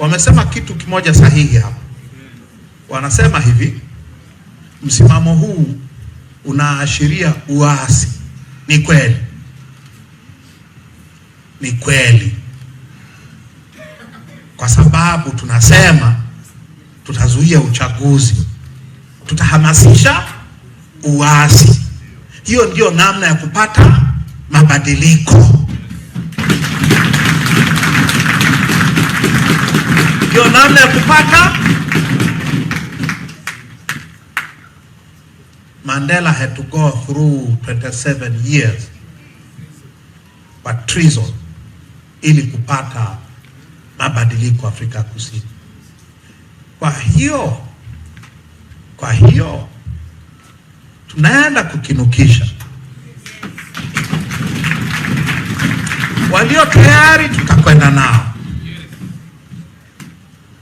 wamesema kitu kimoja sahihi hapa. Wanasema hivi, msimamo huu unaashiria uasi. Ni kweli, ni kweli, kwa sababu tunasema tutazuia uchaguzi, tutahamasisha uasi. Hiyo ndiyo namna ya kupata mabadiliko. namna ya kupata Mandela had to go through 27 years but treason ili kupata mabadiliko Afrika Kusini. Kwa hiyo kwa hiyo tunaenda kukinukisha walio tayari, tutakwenda nao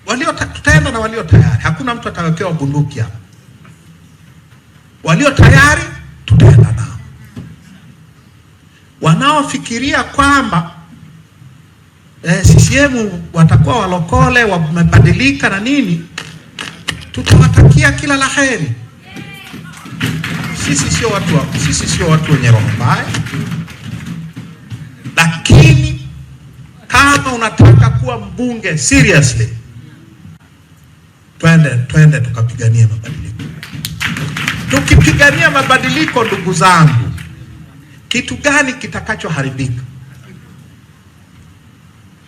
walio tutaenda na walio tayari. Hakuna mtu atawekewa bunduki hapa. Walio tayari tutaenda nao. Wanaofikiria kwamba eh, CCM watakuwa walokole wamebadilika na nini, tutawatakia kila la heri. Sisi sio watu wa, sisi sio watu wenye roho mbaya, lakini kama unataka kuwa mbunge seriously twende twende tukapigania mabadiliko. Tukipigania mabadiliko, ndugu zangu, kitu gani kitakachoharibika?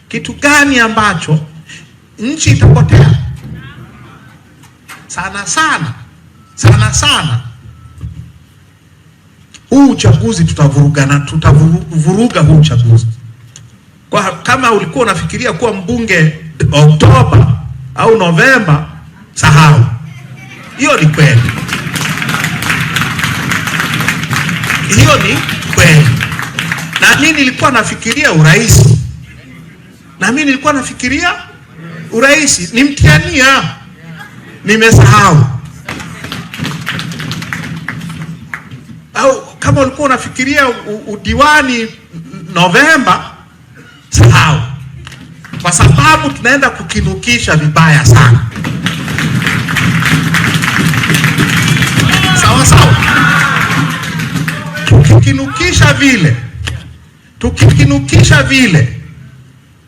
Kitu gani ambacho nchi itapotea? Sana sana sana sana, huu uchaguzi tutavurugana, tutavuruga huu uchaguzi kwa, kama ulikuwa unafikiria kuwa mbunge Oktoba au Novemba sahau hiyo. Ni kweli, hiyo ni kweli. Na mimi nilikuwa nafikiria urais, na mimi nilikuwa nafikiria urais, nimtiania, nimesahau. Au kama ulikuwa unafikiria udiwani Novemba, sahau, kwa sababu tunaenda kukinukisha vibaya sana. vile, tukikinukisha vile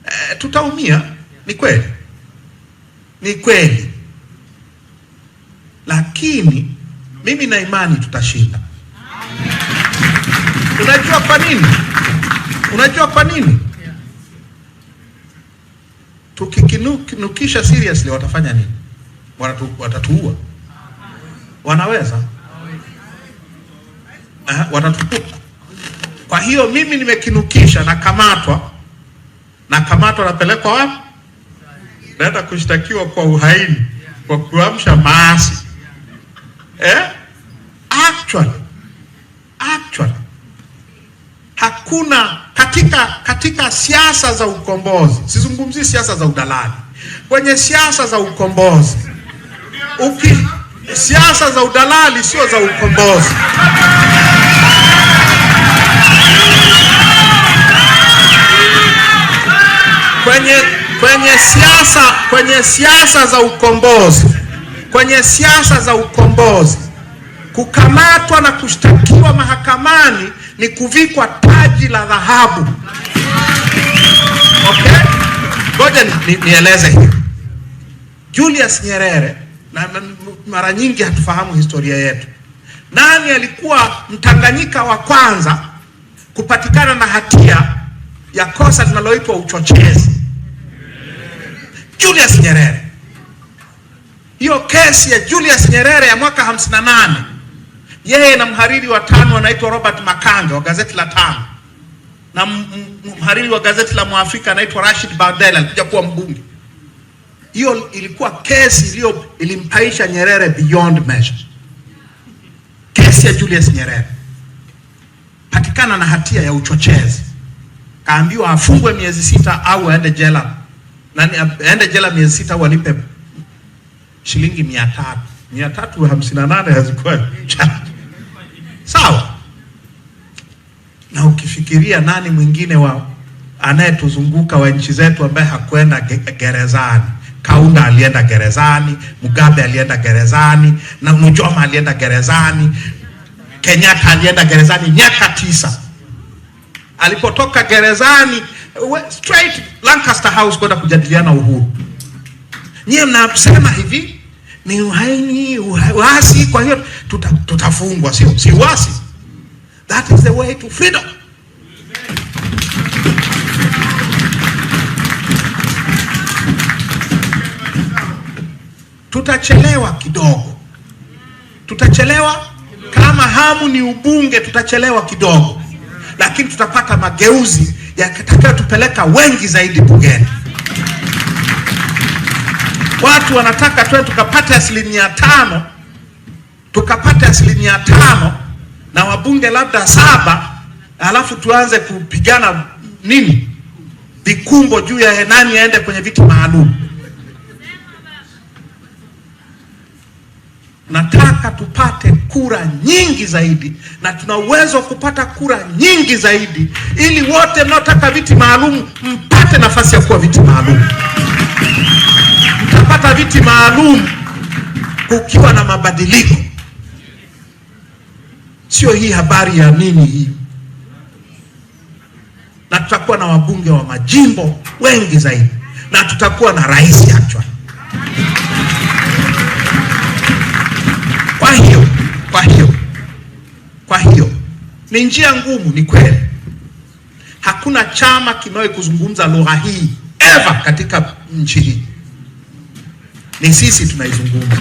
e, tutaumia. Ni kweli, ni kweli, lakini mimi na imani tutashinda. Unajua kwa nini? Unajua kwa nini? Tukikinukisha seriously, watafanya nini? Watatu, watatuua, wanaweza, watatutupa kwa hiyo mimi nimekinukisha, nakamatwa, nakamatwa, napelekwa wapi? Naenda kushtakiwa kwa uhaini, kwa kuamsha maasi eh? Actually, actually hakuna katika katika siasa za ukombozi, sizungumzii siasa za udalali. Kwenye siasa za ukombozi uki, siasa za udalali sio za ukombozi. siasa kwenye siasa za ukombozi kwenye siasa za ukombozi, kukamatwa na kushtakiwa mahakamani ni kuvikwa taji la dhahabu. Okay, ngoja nieleze ni, ni hivi. Julius Nyerere na, na mara nyingi hatufahamu historia yetu. Nani alikuwa Mtanganyika wa kwanza kupatikana na hatia ya kosa linaloitwa uchochezi? Julius Nyerere. Hiyo kesi ya Julius Nyerere ya mwaka 58 yeye na mhariri wa tano anaitwa Robert Makange wa gazeti la tano na mhariri wa gazeti la Mwafrika anaitwa Rashid Bardel alikuja kuwa mbunge. Hiyo ilikuwa kesi iliyo ilimpaisha Nyerere beyond measure. Kesi ya Julius Nyerere, patikana na hatia ya uchochezi, kaambiwa afungwe miezi sita au aende jela na aende jela miezi sita au shilingi mia tatu mia tatu hamsini na nane hazikuwa sawa. Na ukifikiria nani mwingine wa anayetuzunguka wa nchi zetu ambaye hakwenda gerezani? Kaunda alienda gerezani, Mugabe alienda gerezani, na mujoma alienda gerezani, Kenyatta alienda gerezani miaka tisa. Alipotoka gerezani straight Lancaster House kwenda kujadiliana uhuru. Nyie mnasema hivi ni uhaini uasi, kwa hiyo tuta, tutafungwa si, si uasi. That is the way to freedom. Tutachelewa kidogo, tutachelewa kama hamu ni ubunge, tutachelewa kidogo, lakini tutapata mageuzi yatakayotupeleka wengi zaidi bungeni. Watu wanataka tuwe tukapate asilimia tano, tukapate asilimia tano na wabunge labda saba, alafu tuanze kupigana nini vikumbo juu ya nani aende kwenye viti maalum. Nataka tupate kura nyingi zaidi, na tuna uwezo wa kupata kura nyingi zaidi, ili wote mnaotaka viti maalum mpate nafasi ya kuwa viti maalum. Mtapata viti maalum kukiwa na mabadiliko, sio hii habari ya nini hii. Na tutakuwa na wabunge wa majimbo wengi zaidi, na tutakuwa na rais actually Kwa hiyo ni njia ngumu, ni kweli. Hakuna chama kimewahi kuzungumza lugha hii ever katika nchi hii, ni sisi tunaizungumza.